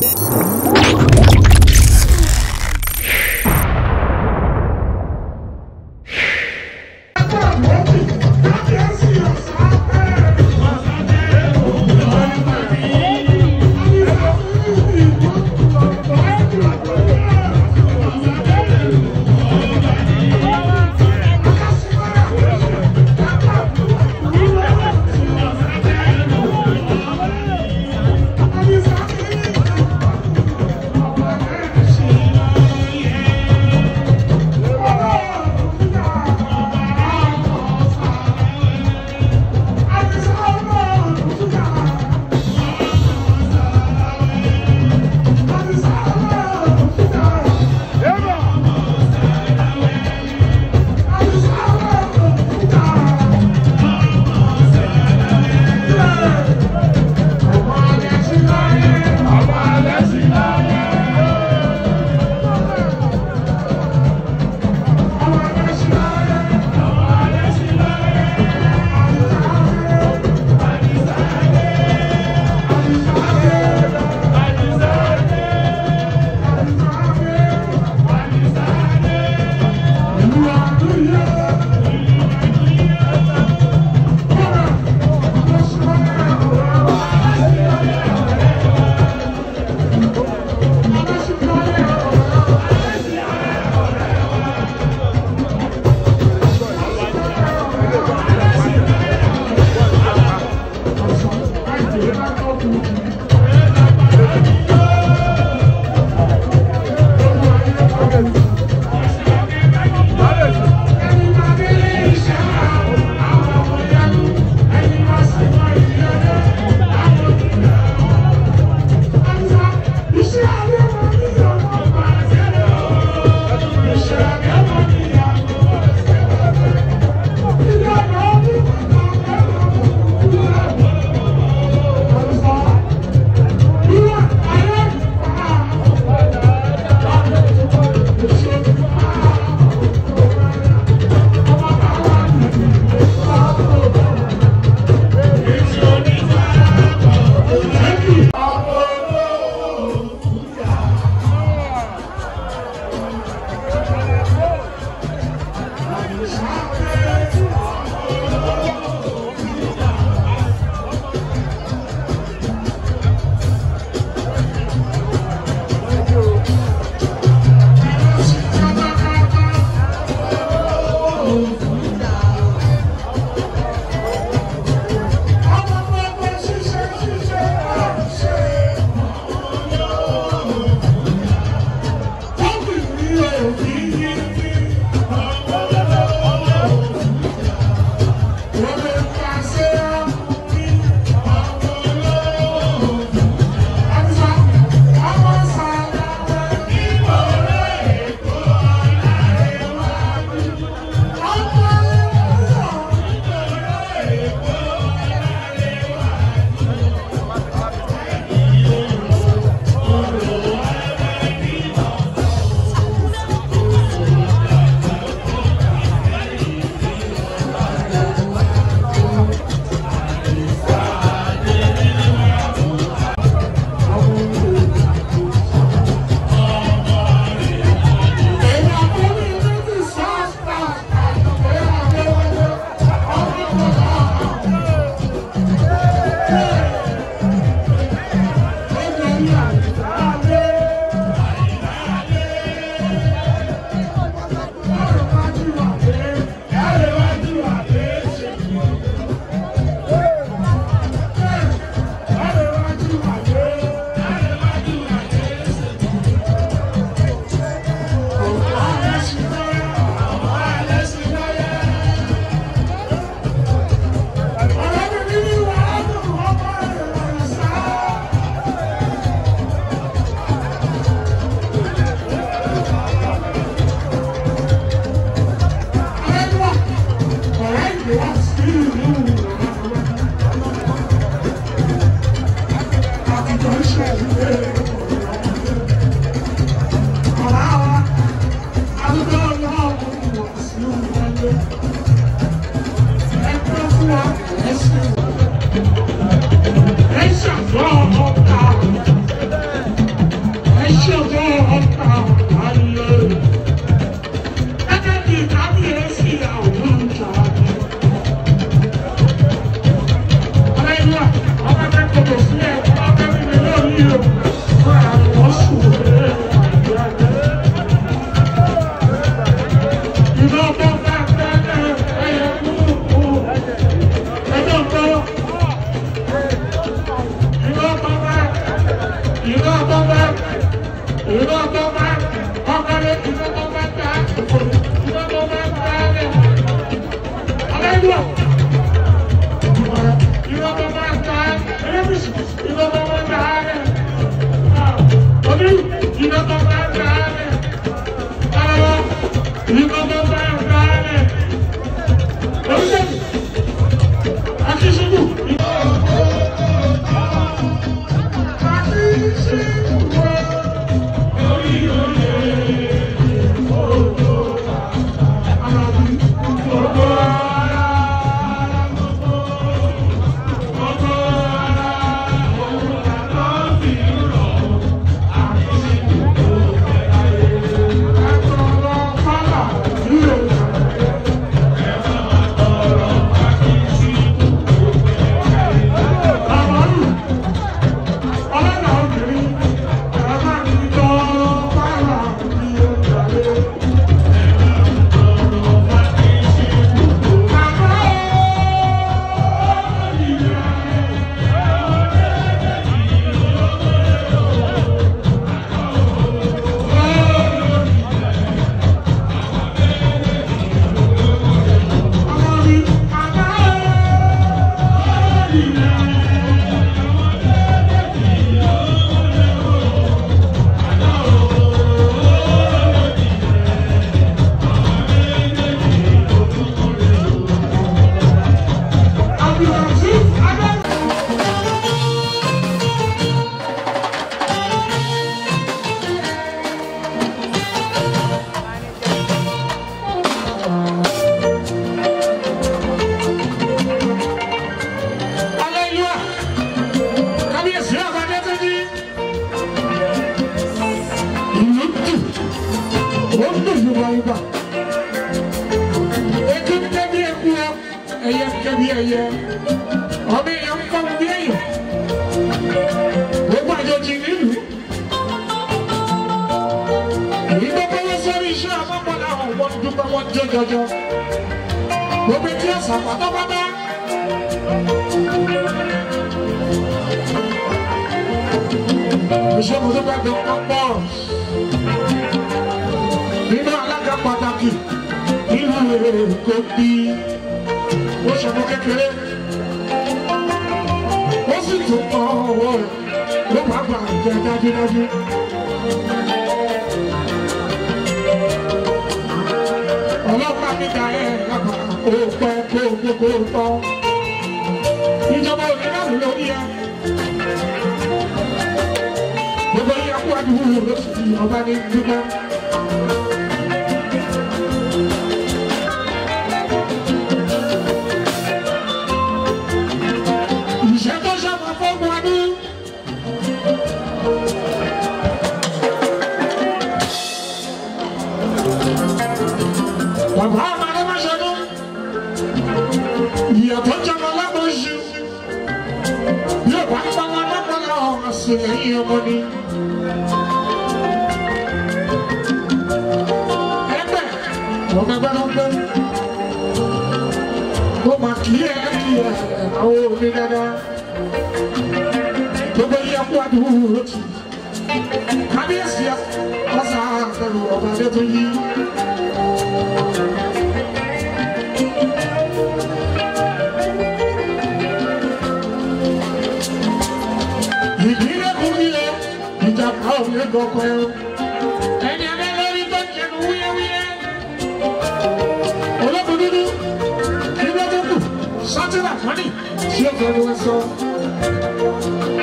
Thank you. ìlú ọgbọ́n bá ìlú ọgbọ́n bá ọkọlẹ̀ ìlú ọgbọ́n bá ta ìlú ọgbọ́n bá ta rẹ̀ ọlẹ́dùn ìlú ọgbọ́n bá ta ẹlẹ́bùsùn ìlú ọgbọ́n bá ta ẹyẹ jẹ́ bí ẹyẹ ọmọ èèyàn ń kọ́ bí èèyàn gbogbo àjòjì nílùú èyí tó kọ́wọ́ sórí iṣẹ́ àpapọ̀lá àwọn ọmọ dúpẹ́ wọn jẹ́ jọjọ gbogbo tí ó sàpá tó bá dá. Iṣẹ́ mo tó bá gbé wọn pọ̀ nínú alága pàtàkì nínú èrè kò bí ó ṣubú kékeré ó sì tún pa ọwọ́ rẹ̀ ló máa gbà jẹ dájúdájú. ọlọ́pàá níta ẹ̀ lápá kó pẹ́ kó kó kó tọ́ ìjọba òní náà lórí ẹ gbogbo yẹ kó àdúgbò lóṣù ọba ní dúpẹ́. èèyàn tó jọmọ lọ́gbọ̀n oṣù yóò bá pọ́nmọ́ lọ́pọ̀lọ́ ọ̀hún sí ẹ̀yìn ọmọ ni. ẹgbẹ́ ọmọ ẹgbẹ́ ló ń gbé ó máa kí ẹ kí ẹ àwọn òní dáadáa gbogbo yẹ kó àdúgbò rẹ tù kábíyèsí ọ̀sán àgbẹ̀rù How yóò go ẹ̀ ẹni ẹgbẹ́ lórí tó ń ṣẹnu wúyẹ́wúyẹ́ olóko dúdú ẹni bá tó